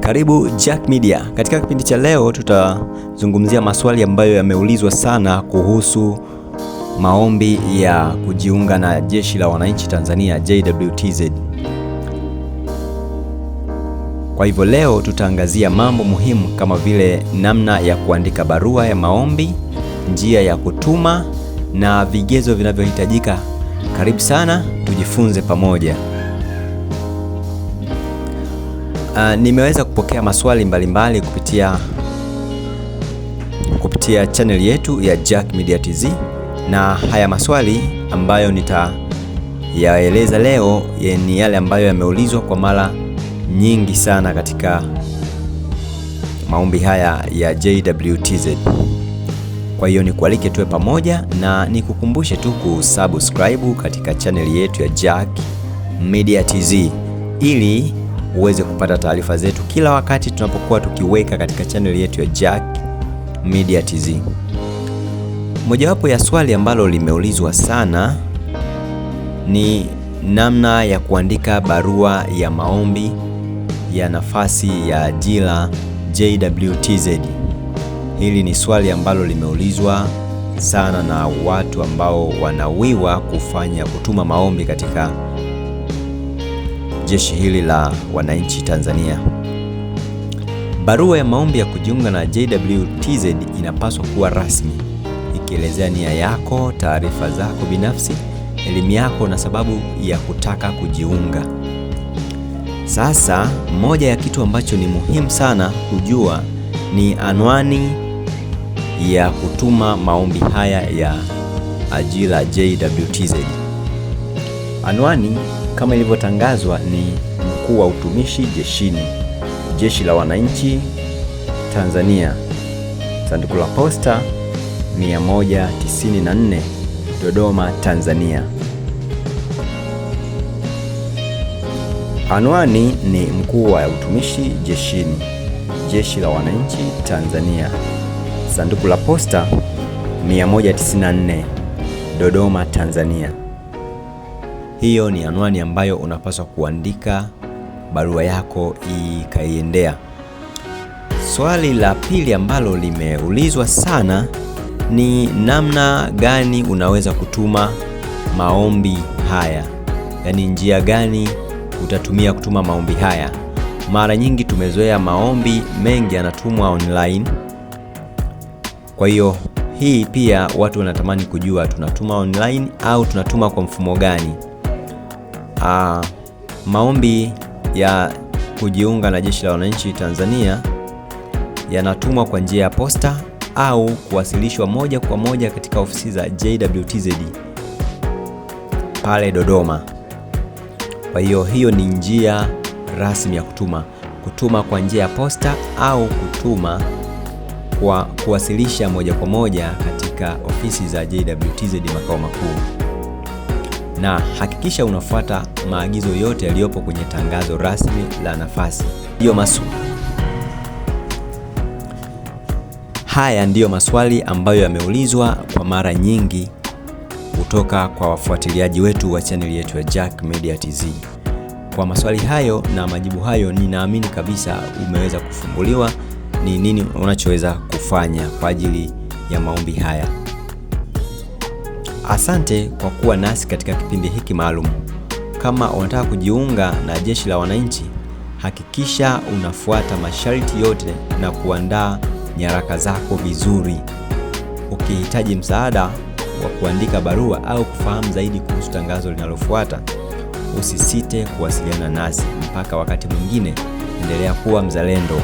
Karibu Jack Media. Katika kipindi cha leo tutazungumzia maswali ambayo yameulizwa sana kuhusu maombi ya kujiunga na Jeshi la Wananchi Tanzania JWTZ. Kwa hivyo leo tutaangazia mambo muhimu kama vile namna ya kuandika barua ya maombi, njia ya kutuma na vigezo vinavyohitajika. Karibu sana tujifunze pamoja. Uh, nimeweza kupokea maswali mbalimbali mbali kupitia, kupitia chaneli yetu ya Jack Media TZ, na haya maswali ambayo nitayaeleza leo ya ni yale ambayo yameulizwa kwa mara nyingi sana katika maombi haya ya JWTZ. Kwa hiyo nikualike tuwe pamoja na nikukumbushe tu kusubscribe katika chaneli yetu ya Jack Media TZ ili uweze kupata taarifa zetu kila wakati tunapokuwa tukiweka katika chaneli yetu ya Jack Media TZ. Mojawapo ya swali ambalo limeulizwa sana ni namna ya kuandika barua ya maombi ya nafasi ya ajira JWTZ. Hili ni swali ambalo limeulizwa sana na watu ambao wanawiwa kufanya kutuma maombi katika jeshi hili la wananchi Tanzania. Barua ya maombi ya kujiunga na JWTZ inapaswa kuwa rasmi, ikielezea nia yako, taarifa zako binafsi, elimu yako na sababu ya kutaka kujiunga. Sasa, moja ya kitu ambacho ni muhimu sana kujua ni anwani ya kutuma maombi haya ya ajira JWTZ. Anwani kama ilivyotangazwa ni mkuu wa utumishi jeshini, Jeshi la Wananchi Tanzania, sanduku la posta 194, Dodoma, Tanzania. Anwani ni mkuu wa utumishi jeshini, Jeshi la Wananchi Tanzania, sanduku la posta 194, Dodoma, Tanzania. Hiyo ni anwani ambayo unapaswa kuandika barua yako ikaiendea. Swali la pili ambalo limeulizwa sana ni namna gani unaweza kutuma maombi haya, yaani njia gani utatumia kutuma maombi haya. Mara nyingi tumezoea maombi mengi yanatumwa online, kwa hiyo hii pia watu wanatamani kujua tunatuma online au tunatuma kwa mfumo gani? Uh, maombi ya kujiunga na Jeshi la Wananchi Tanzania yanatumwa kwa njia ya posta au kuwasilishwa moja kwa moja katika ofisi za JWTZ pale Dodoma. Kwa hiyo hiyo ni njia rasmi ya kutuma, kutuma kwa njia ya posta au kutuma kwa kuwasilisha moja kwa moja katika ofisi za JWTZ makao makuu na hakikisha unafuata maagizo yote yaliyopo kwenye tangazo rasmi la nafasi. Ndiyo maswali. haya ndiyo maswali ambayo yameulizwa kwa mara nyingi kutoka kwa wafuatiliaji wetu wa chaneli yetu ya Jack Media TZ. Kwa maswali hayo na majibu hayo, ninaamini kabisa umeweza kufunguliwa ni nini unachoweza kufanya kwa ajili ya maombi haya. Asante kwa kuwa nasi katika kipindi hiki maalum. Kama unataka kujiunga na Jeshi la Wananchi, hakikisha unafuata masharti yote na kuandaa nyaraka zako vizuri. Ukihitaji msaada wa kuandika barua au kufahamu zaidi kuhusu tangazo linalofuata, usisite kuwasiliana nasi. Mpaka wakati mwingine, endelea kuwa mzalendo.